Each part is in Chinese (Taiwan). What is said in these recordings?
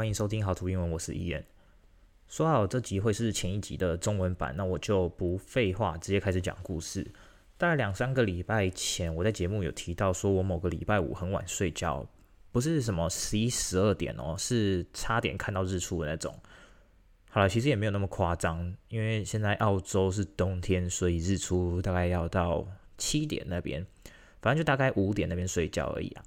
歡迎收聽好圖英文，我是 Ean。說好這集會是前一集的中文版，那我就不廢話，直接開始講故事。大概兩三個禮拜前，我在節目有提到，說我某個禮拜五很晚睡覺，不是什麼十一十二點哦，是差點看到日出的那種。好了，其實也沒有那麼誇張，因為現在澳洲是冬天，所以日出大概要到七點那邊，反正就大概五點那邊睡覺而已啊。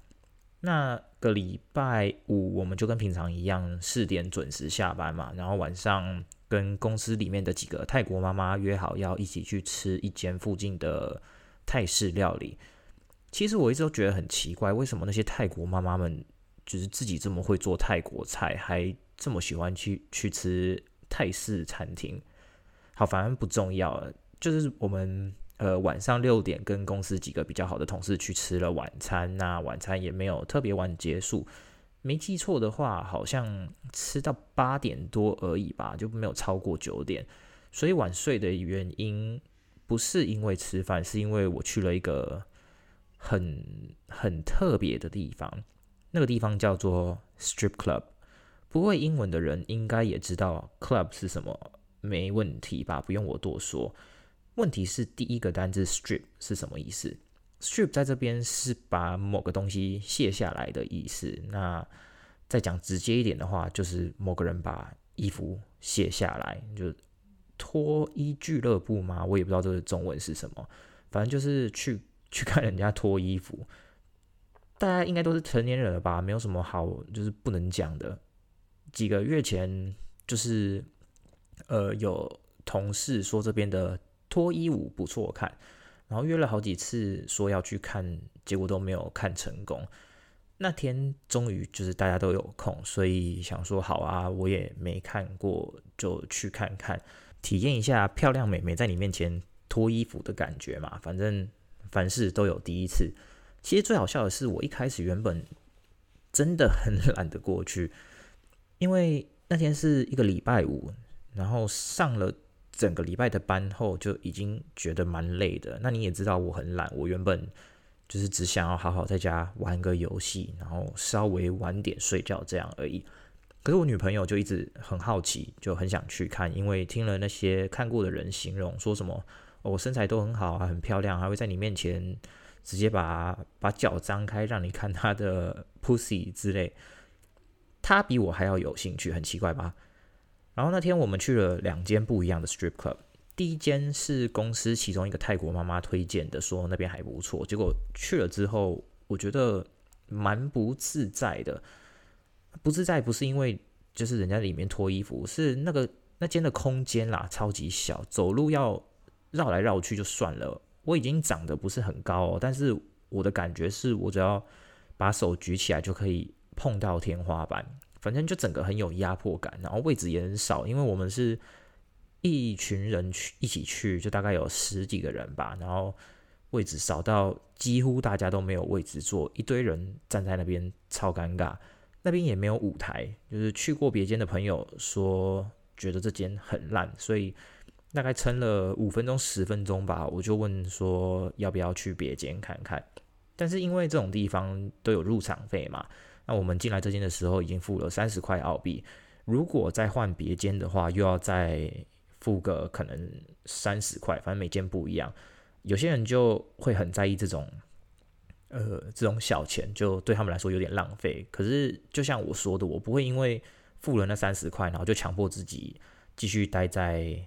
那個禮拜五，我們就跟平常一樣，四點準時下班嘛。然後晚上跟公司裡面的幾個泰國媽媽約好，要一起去吃一間附近的泰式料理。其實我一直都覺得很奇怪，為什麼那些泰國媽媽們就是自己這麼會做泰國菜，還這麼喜歡去去吃泰式餐廳？好，反正不重要了，就是我們。呃，晚上六點跟公司幾個比較好的同事去吃了晚餐，那、啊、晚餐也沒有特別晚結束，沒記錯的話，好像吃到八點多而已吧，就沒有超過九點。所以晚睡的原因不是因為吃飯，是因為我去了一個很很特別的地方，那個地方叫做 strip club。不會英文的人應該也知道 club 是什麼，沒問題吧？不用我多說。問題是第一個單字 “strip” 是什麼意思？“strip” 在這邊是把某個東西卸下來的意思。那再講直接一點的話，就是某個人把衣服卸下來，就脫衣俱樂部嘛。我也不知道這個中文是什麼，反正就是去去看人家脫衣服。大家應該都是成年人了吧？沒有什麼好，就是不能講的。幾個月前，就是呃，有同事說這邊的。脫衣舞不錯看，然後約了好幾次說要去看，結果都沒有看成功。那天終於就是大家都有空，所以想說好啊，我也沒看過，就去看看，體驗一下漂亮美眉在你面前脫衣服的感覺嘛。反正凡事都有第一次。其實最好笑的是，我一開始原本真的很懶得過去，因為那天是一個禮拜五，然後上了。整個禮拜的班後就已經覺得蠻累的。那你也知道我很懶，我原本就是只想要好好在家玩個遊戲，然後稍微晚點睡覺這樣而已。可是我女朋友就一直很好奇，就很想去看，因為聽了那些看過的人形容說什麼我、哦、身材都很好啊，很漂亮啊，還會在你面前直接把把腳張開讓你看她的 pussy 之類。她比我還要有興趣，很奇怪吧。然後那天我們去了兩間不一樣的 strip club，第一間是公司其中一個泰國媽媽推薦的，說那邊還不錯。結果去了之後，我覺得蠻不自在的。不自在不是因為就是人家裡面脫衣服，是那個那間的空間啦，超級小，走路要繞來繞去就算了。我已經長得不是很高哦，但是我的感覺是我只要把手舉起來就可以碰到天花板。反正就整個很有壓迫感，然後位置也很少，因為我們是一群人去一起去，就大概有十幾個人吧，然後位置少到幾乎大家都沒有位置坐，一堆人站在那邊超尷尬。那邊也沒有舞台，就是去過別間的朋友說覺得這間很爛，所以大概撐了五分鐘、十分鐘吧，我就問說要不要去別間看看，但是因為這種地方都有入場費嘛。那我們進來這間的時候已經付了三十塊澳幣，如果再換別間的話，又要再付個可能三十塊，反正每間不一樣。有些人就會很在意這種，呃，這種小錢，就對他們來說有點浪費。可是就像我說的，我不會因為付了那三十塊，然後就強迫自己繼續待在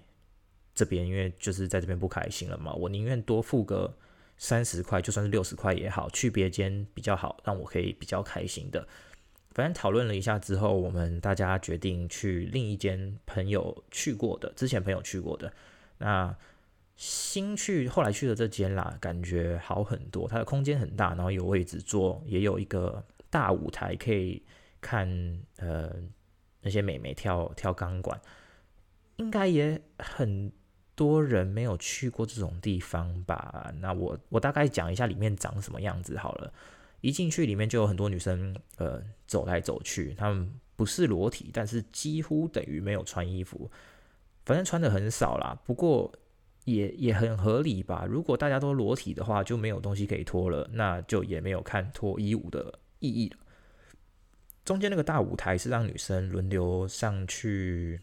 這邊，因為就是在這邊不開心了嘛。我寧願多付個。三十塊就算是六十塊也好，去別間比較好，讓我可以比較開心的。反正討論了一下之後，我們大家決定去另一間朋友去過的，之前朋友去過的，那新去後來去的這間啦，感覺好很多。它的空間很大，然後有位置坐，也有一個大舞台可以看，呃，那些美眉跳跳鋼管，應該也很。多人沒有去過這種地方吧？那我我大概講一下裡面長什麼樣子好了。一進去裡面就有很多女生，呃，走來走去。她們不是裸體，但是幾乎等於沒有穿衣服，反正穿的很少啦。不過也也很合理吧。如果大家都裸體的話，就沒有東西可以脫了，那就也沒有看脫衣舞的意義了。中間那個大舞台是讓女生輪流上去。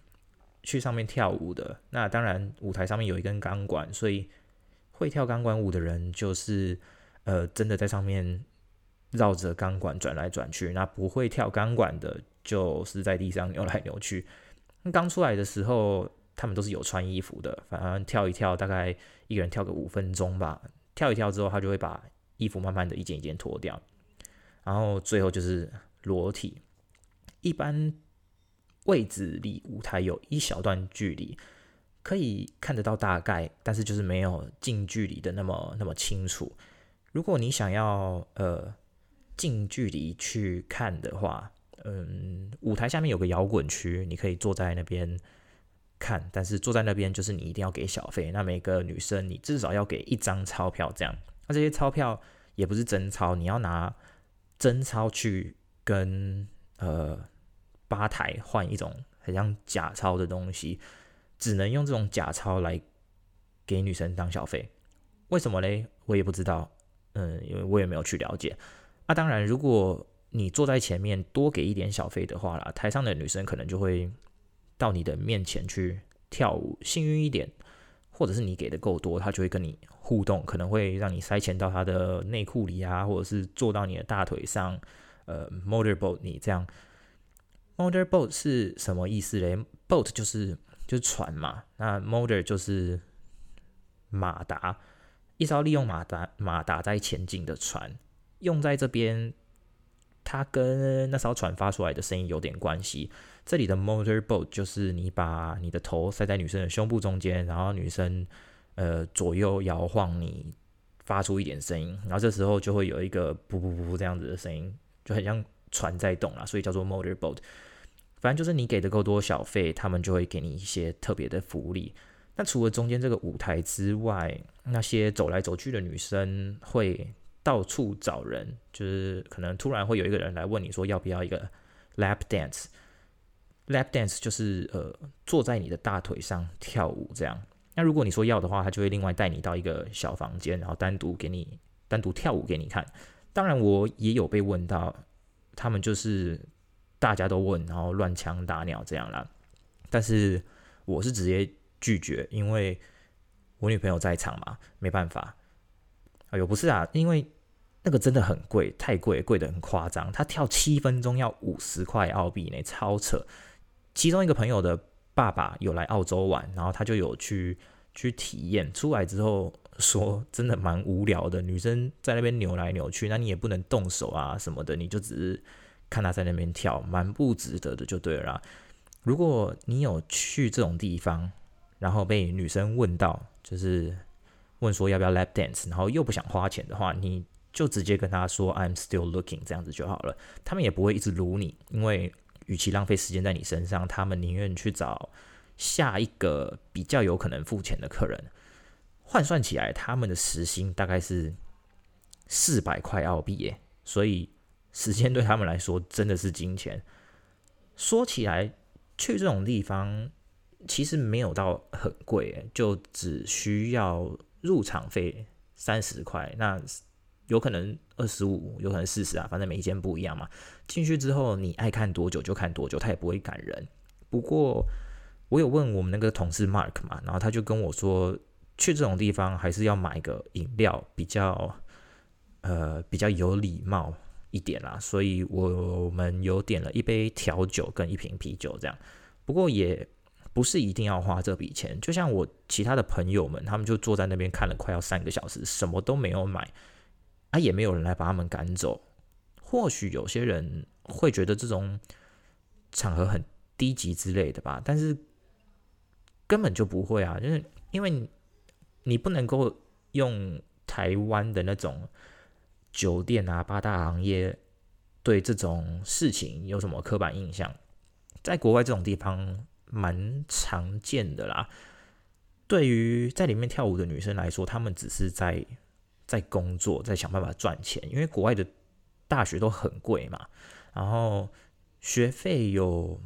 去上面跳舞的，那當然舞台上面有一根鋼管，所以會跳鋼管舞的人就是呃真的在上面繞着鋼管轉來轉去。那不會跳鋼管的，就是在地上扭來扭去。剛出來的時候，他們都是有穿衣服的，反正跳一跳，大概一個人跳個五分鐘吧。跳一跳之後，他就會把衣服慢慢的一件一件脫掉，然後最後就是裸體。一般。位置離舞台有一小段距離，可以看得到大概，但是就是沒有近距離的那麼那麼清楚。如果你想要呃近距離去看的話，嗯，舞台下面有個搖滾區，你可以坐在那邊看。但是坐在那邊就是你一定要給小費，那每個女生你至少要給一張鈔票這樣。那這些鈔票也不是真鈔，你要拿真鈔去跟呃。吧台換一種很像假鈔的東西，只能用這種假鈔來給女生當小費。為什麼嘞？我也不知道。嗯，因為我也沒有去了解。那、啊、當然，如果你坐在前面多給一點小費的話啦，台上的女生可能就會到你的面前去跳舞，幸運一點，或者是你給的夠多，她就會跟你互動，可能會讓你塞錢到她的內褲裡啊，或者是坐到你的大腿上，呃，motorboat 你這樣。Motor boat 是什麼意思嘞？Boat 就是就是船嘛，那 motor 就是馬達，一艘利用馬達馬達在前進的船。用在這邊，它跟那艘船發出來的聲音有點關係。這裡的 motor boat 就是你把你的頭塞在女生的胸部中間，然後女生呃左右搖晃你，你發出一點聲音，然後這時候就會有一個“噗噗噗”這樣子的聲音，就很像。船在動啦，所以叫做 motor boat。反正就是你給的夠多小費，他們就會給你一些特別的福利。那除了中間這個舞台之外，那些走來走去的女生會到處找人，就是可能突然會有一個人來問你說要不要一個 lap dance。lap dance 就是呃坐在你的大腿上跳舞這樣。那如果你說要的話，他就會另外帶你到一個小房間，然後單獨給你，單獨跳舞給你看。當然，我也有被問到。他們就是大家都問，然後亂槍打鳥這樣啦。但是我是直接拒絕，因為我女朋友在場嘛，沒辦法。哎呦，不是啊，因為那個真的很貴，太貴，貴得很誇張。他跳七分鐘要五十塊澳幣呢，超扯。其中一個朋友的爸爸有來澳洲玩，然後他就有去去體驗，出來之後。說真的蠻無聊的，女生在那邊扭來扭去，那你也不能動手啊什麼的，你就只是看她在那邊跳，蠻不值得的就對了啦。如果你有去這種地方，然後被女生問到，就是問說要不要 lap dance，然後又不想花錢的話，你就直接跟她說 I'm still looking 這樣子就好了，他們也不會一直盧你，因為與其浪費時間在你身上，他們寧願去找下一個比較有可能付錢的客人。換算起來，他們的時薪大概是四百塊澳幣耶，所以時間對他們來說真的是金錢。說起來，去這種地方其實沒有到很貴，就只需要入場費三十塊，那有可能二十五，有可能四十啊，反正每一間不一樣嘛。進去之後，你愛看多久就看多久，他也不會趕人。不過我有問我們那個同事 Mark 嘛，然後他就跟我說。去這種地方還是要買個飲料比較，呃，比較有禮貌一點啦。所以我們有點了一杯調酒跟一瓶啤酒這樣，不過也不是一定要花這筆錢。就像我其他的朋友們，他們就坐在那邊看了快要三個小時，什麼都沒有買，啊，也沒有人來把他們趕走。或許有些人會覺得這種場合很低級之類的吧，但是根本就不會啊，就是因為你不能夠用台灣的那種酒店啊，八大行業對這種事情有什麼刻板印象？在國外這種地方蠻常見的啦。對於在裡面跳舞的女生來說，她們只是在在工作，在想辦法賺錢，因為國外的大學都很貴嘛，然後學費有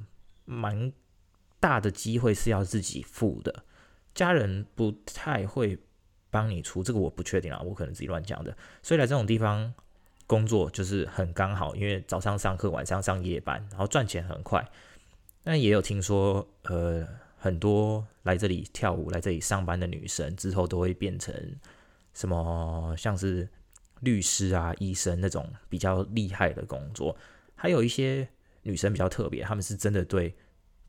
蠻大的機會是要自己付的。家人不太會幫你出這個，我不確定啊，我可能自己亂講的。所以來這種地方工作就是很剛好，因為早上上課，晚上上夜班，然後賺錢很快。但也有聽說，呃，很多來這裡跳舞、來這裡上班的女生，之後都會變成什麼，像是律師啊、醫生那種比較厲害的工作。還有一些女生比較特別，她們是真的對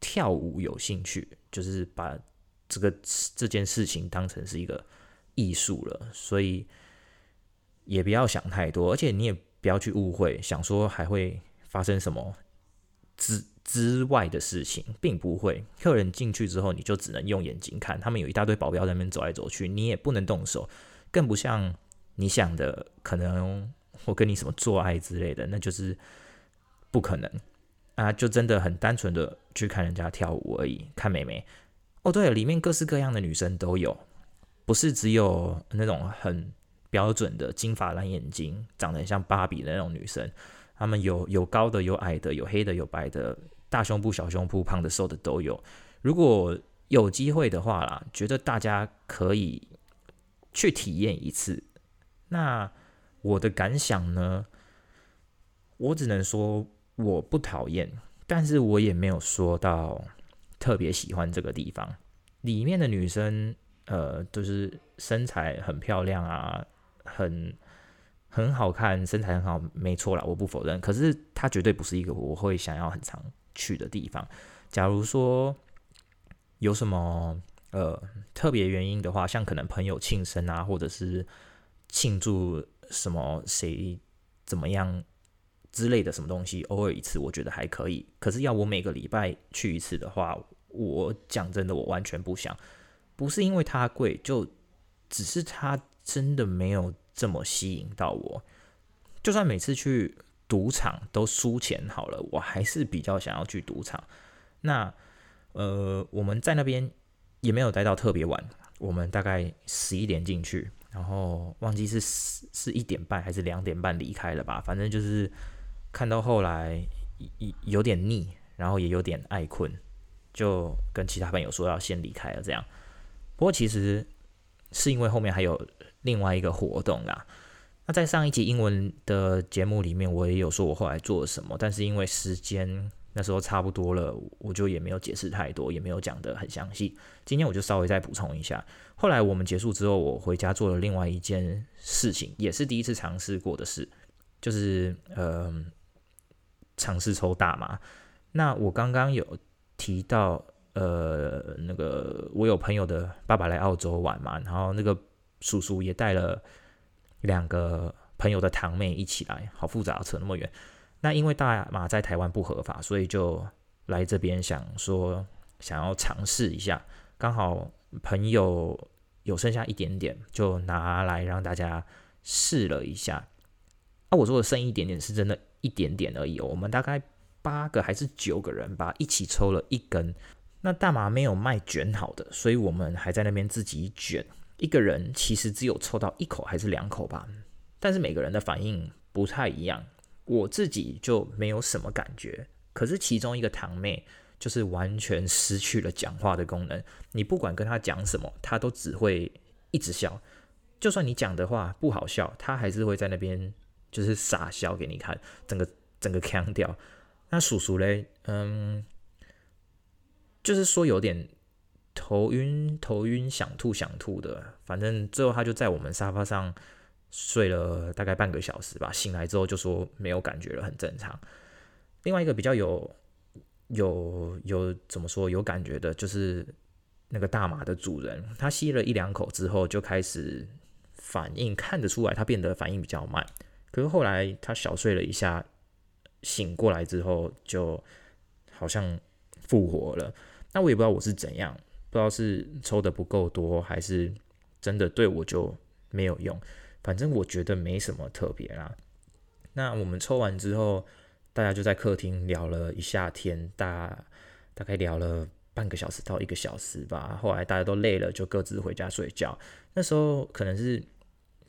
跳舞有興趣，就是把。這個這件事情當成是一個藝術了，所以也不要想太多，而且你也不要去誤會，想說還會發生什麼之之外的事情，並不會。客人進去之後，你就只能用眼睛看，他們有一大堆保鏢在那邊走來走去，你也不能動手，更不像你想的，可能我跟你什麼做愛之類的，那就是不可能啊！就真的很單純的去看人家跳舞而已，看美眉。哦，對，裡面各式各樣的女生都有，不是只有那種很標準的金髮藍眼睛、長得很像芭比的那種女生。她們有有高的，有矮的，有黑的，有白的，大胸部、小胸部、胖的、瘦的都有。如果有機會的話啦，覺得大家可以去體驗一次。那我的感想呢？我只能說我不討厭，但是我也沒有說到。特別喜歡這個地方，裡面的女生，呃，就是身材很漂亮啊，很很好看，身材很好，沒錯啦，我不否認。可是，它絕對不是一個我會想要很常去的地方。假如說有什麼呃特別原因的話，像可能朋友慶生啊，或者是慶祝什麼誰怎麼樣。之類的什麼東西，偶爾一次我覺得還可以。可是要我每個禮拜去一次的話，我講真的，我完全不想。不是因為它貴，就只是它真的沒有這麼吸引到我。就算每次去賭場都輸錢好了，我還是比較想要去賭場。那呃，我們在那邊也沒有待到特別晚，我們大概十一點進去，然後忘記是是一點半還是兩點半離開了吧，反正就是。看到後來有有點膩，然後也有點愛睏，就跟其他朋友說要先離開了，這樣，不過其實是因為後面還有另外一個活動啊。那在上一集英文的節目裡面，我也有說我後來做了什麼，但是因為時間那時候差不多了，我就也沒有解釋太多，也沒有講得很詳細。今天我就稍微再補充一下。後來我們結束之後，我回家做了另外一件事情，也是第一次嘗試過的事，就是嗯。呃嘗試抽大麻，那我剛剛有提到，呃，那個我有朋友的爸爸來澳洲玩嘛，然後那個叔叔也帶了兩個朋友的堂妹一起來，好複雜啊，扯那麼遠。那因為大麻在台灣不合法，所以就來這邊想說想要嘗試一下，剛好朋友有剩下一點點，就拿來讓大家試了一下。那、啊、我做的剩一點點是真的一點點而已、哦，我們大概八個還是九個人吧，一起抽了一根。那大麻沒有賣捲好的，所以我們還在那邊自己捲。一個人其實只有抽到一口還是兩口吧，但是每個人的反應不太一樣。我自己就沒有什麼感覺，可是其中一個堂妹就是完全失去了講話的功能，你不管跟她講什麼，她都只會一直笑。就算你講的話不好笑，她還是會在那邊。就是傻笑給你看，整個整個鏘掉。那叔叔嘞，嗯，就是說有點頭暈，頭暈想吐，想吐的。反正最後他就在我們沙發上睡了大概半個小時吧。醒來之後就說沒有感覺了，很正常。另外一個比較有有有怎麼說有感覺的，就是那個大馬的主人，他吸了一兩口之後就開始反應，看得出來他變得反應比較慢。可是後來他小睡了一下，醒過來之後就好像復活了。那我也不知道我是怎樣，不知道是抽的不夠多，還是真的對我就沒有用。反正我覺得沒什麼特別啦。那我們抽完之後，大家就在客廳聊了一下天，大大概聊了半個小時到一個小時吧。後來大家都累了，就各自回家睡覺。那時候可能是。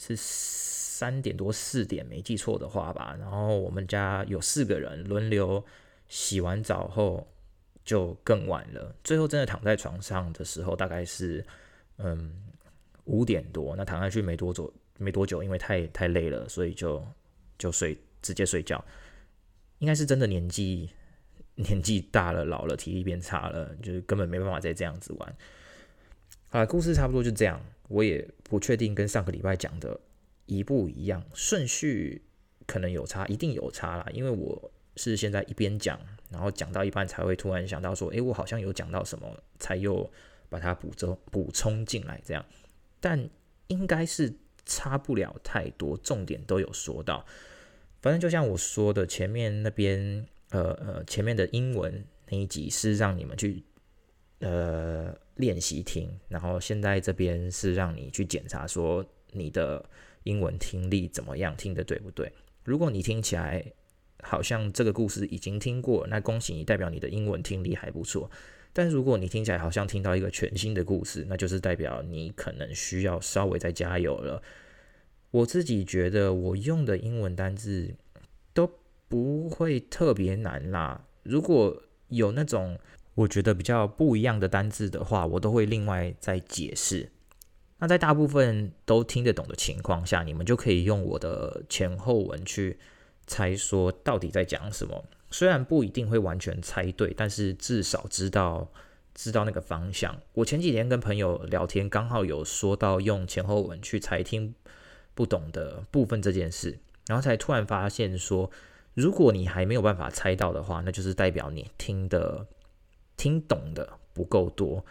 是三點多四點，沒記錯的話吧。然後我們家有四個人輪流洗完澡後就更晚了。最後真的躺在床上的時候，大概是嗯五點多。那躺下去沒多久，沒多久，因為太太累了，所以就就睡直接睡覺。應該是真的年紀年紀大了，老了，體力變差了，就是根本沒辦法再這樣子玩。啊，故事差不多就這樣。我也不確定跟上個禮拜講的一不一樣，順序可能有差，一定有差啦，因為我是現在一邊講，然後講到一半才會突然想到說，誒、欸，我好像有講到什麼，才又把它補著補充進來這樣，但應該是差不了太多，重點都有說到。反正就像我說的，前面那邊呃呃前面的英文那一集是讓你們去呃。練習聽，然後現在這邊是讓你去檢查，說你的英文聽力怎麼樣，聽的對不對？如果你聽起來好像這個故事已經聽過，那恭喜你，代表你的英文聽力還不錯。但如果你聽起來好像聽到一個全新的故事，那就是代表你可能需要稍微再加油了。我自己覺得我用的英文單字都不會特別難啦，如果有那種。我覺得比較不一樣的單字的話，我都會另外再解釋。那在大部分都聽得懂的情況下，你們就可以用我的前後文去猜說到底在講什麼。雖然不一定會完全猜對，但是至少知道知道那個方向。我前幾天跟朋友聊天，剛好有說到用前後文去猜聽不懂的部分這件事，然後才突然發現說，如果你還沒有辦法猜到的話，那就是代表你聽得。聽懂的不夠多，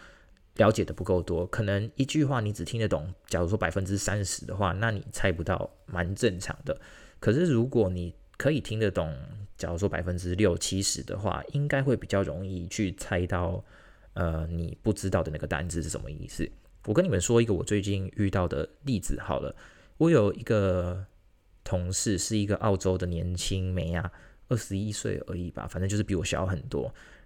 了解的不夠多，可能一句話你只聽得懂，假如說百分之三十的話，那你猜不到，蠻正常的。可是如果你可以聽得懂，假如說百分之六七十的話，應該會比較容易去猜到，呃，你不知道的那個單字是什麼意思。我跟你們說一個我最近遇到的例子好了，我有一個同事是一個澳洲的年輕妹啊，二十一歲而已吧，反正就是比我小很多。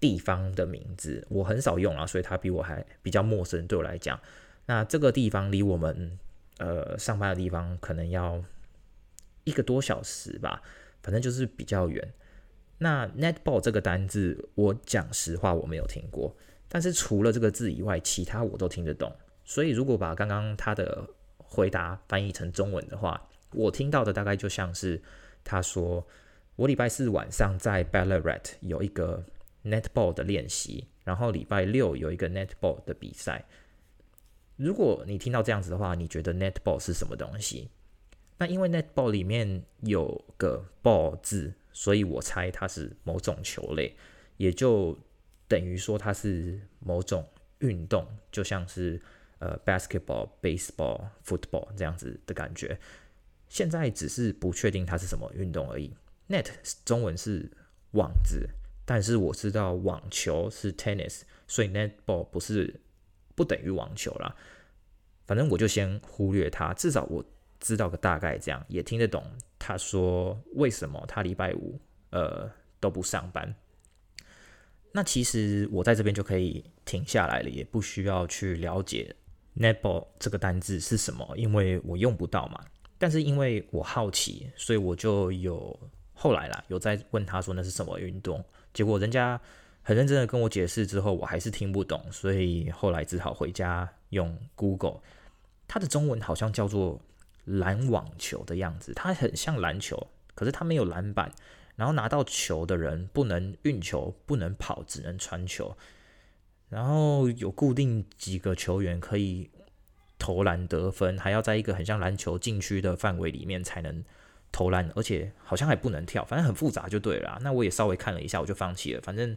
地方的名字我很少用啊，所以他比我還比較陌生，對我來講。那這個地方離我們呃上班的地方可能要一個多小時吧，反正就是比較遠。那 netball 這個單字，我講實話我沒有聽過，但是除了這個字以外，其他我都聽得懂。所以如果把剛剛他的回答翻譯成中文的話，我聽到的大概就像是他說：“我禮拜四晚上在 Ballarat 有一個。” Netball 的練習，然後禮拜六有一個 Netball 的比賽。如果你聽到這樣子的話，你覺得 Netball 是什麼東西？那因為 Netball 裡面有個 ball 字，所以我猜它是某種球類，也就等於說它是某種運動，就像是呃 basketball、baseball、football 這樣子的感覺。現在只是不確定它是什麼運動而已。Net 中文是網字。但是我知道網球是 tennis，所以 netball 不是不等於網球啦。反正我就先忽略它，至少我知道個大概，這樣也聽得懂他說為什麼他禮拜五呃都不上班。那其實我在這邊就可以停下來了，也不需要去了解 netball 這個單字是什麼，因為我用不到嘛。但是因為我好奇，所以我就有後來啦，有在問他說那是什麼運動。結果人家很認真的跟我解釋之後，我還是聽不懂，所以後來只好回家用 Google。它的中文好像叫做籃網球的樣子，它很像籃球，可是它沒有籃板，然後拿到球的人不能運球，不能跑，只能傳球，然後有固定幾個球員可以投籃得分，還要在一個很像籃球禁區的範圍裡面才能投籃，而且好像還不能跳，反正很複雜就對了啊。那我也稍微看了一下，我就放棄了。反正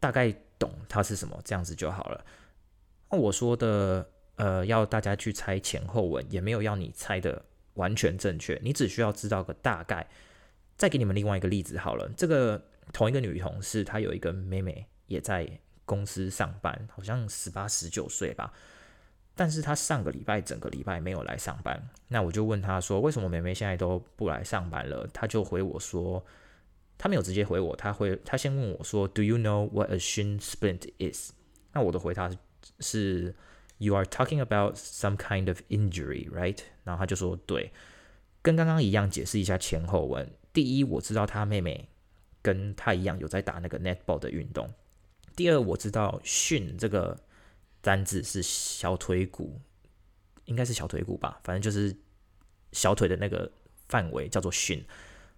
大概懂它是什麼，這樣子就好了。那我說的，呃，要大家去猜前後文，也沒有要你猜的完全正確，你只需要知道個大概。再給你們另外一個例子好了，這個同一個女同事，她有一個妹妹也在公司上班，好像十八、十九歲吧。但是他上個禮拜整個禮拜沒有來上班，那我就問他說為什麼妹妹現在都不來上班了？他就回我說，他沒有直接回我，他會，他先問我說，Do you know what a shin splint is？那我的回答是，You are talking about some kind of injury, right？然後他就說對，跟剛剛一樣解釋一下前後文。第一，我知道他妹妹跟他一樣有在打那個 netball 的運動。第二，我知道 shin 這個。單字是小腿骨，應該是小腿骨吧，反正就是小腿的那個範圍叫做 “shin”。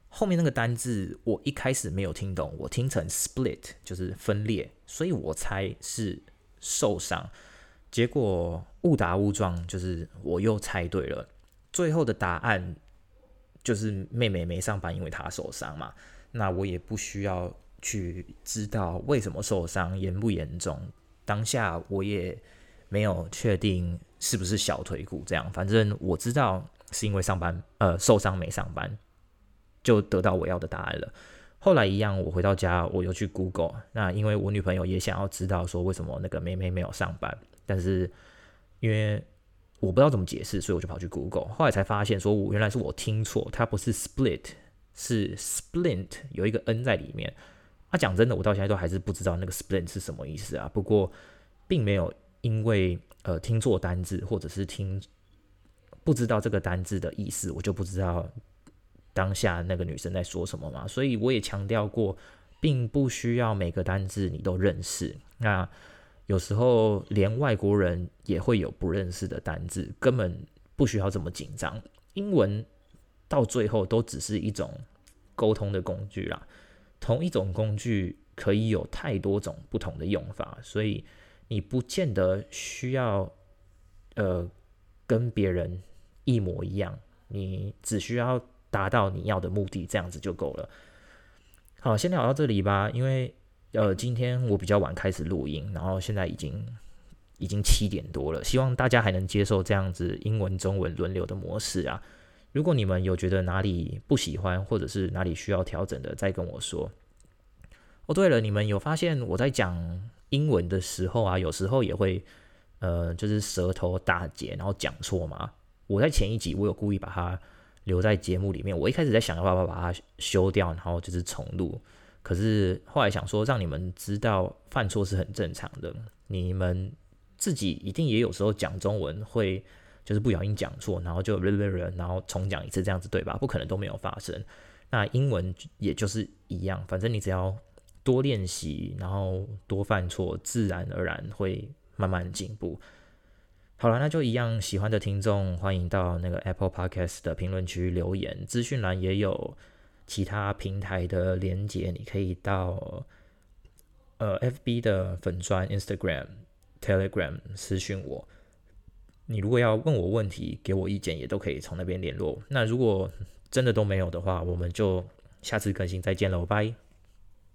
後面那個單字我一開始沒有聽懂，我聽成 “split”，就是分裂，所以我猜是受傷。結果誤打誤撞，就是我又猜對了。最後的答案就是妹妹沒上班，因為她受傷嘛。那我也不需要去知道為什麼受傷，嚴不嚴重。當下我也沒有確定，是不是小腿骨這樣，反正我知道是因為上班，呃，受傷沒上班，就得到我要的答案了。後來一樣，我回到家，我就去 Google。那因為我女朋友也想要知道說為什麼那個妹妹沒有上班，但是因為我不知道怎麼解釋，所以我就跑去 Google。後來才發現說我原來是我聽錯，它不是 split，是 splint，有一個 N 在裡面。他講、啊、真的，我到現在都還是不知道那個 “sprint” 是什麼意思啊。不過，並沒有因為呃聽錯單字，或者是聽不知道這個單字的意思，我就不知道當下那個女生在說什麼嘛。所以我也強調過，並不需要每個單字你都認識。那有時候連外國人也會有不認識的單字，根本不需要這麼緊張。英文到最後都只是一種溝通的工具啦、啊。同一種工具可以有太多種不同的用法，所以你不見得需要呃跟別人一模一樣，你只需要達到你要的目的，這樣子就夠了。好，先聊到這裡吧，因為呃今天我比較晚開始錄音，然後現在已經已經七點多了，希望大家還能接受這樣子英文中文輪流的模式啊。如果你們有覺得哪裡不喜歡，或者是哪裡需要調整的，再跟我說。哦，對了，你們有發現我在講英文的時候啊，有時候也會，呃，就是舌頭打結，然後講錯嗎？我在前一集我有故意把它留在節目裡面。我一開始在想辦法把它修掉，然後就是重錄。可是後來想說，讓你們知道犯錯是很正常的。你們自己一定也有時候講中文會。就是不小心講錯，然後就 re re re，然後重講一次，這樣子對吧？不可能都沒有發生。那英文也就是一樣，反正你只要多練習，然後多犯錯，自然而然會慢慢進步。好啦，那就一樣。喜歡的聽眾歡迎到那個 Apple Podcast 的評論區留言，資訊欄也有其他平台的連結，你可以到呃 FB 的粉專、Instagram、Telegram 私訊我。你如果要問我問題，給我意見，也都可以從那邊聯絡。那如果真的都沒有的話，我們就下次更新再見嘍。拜。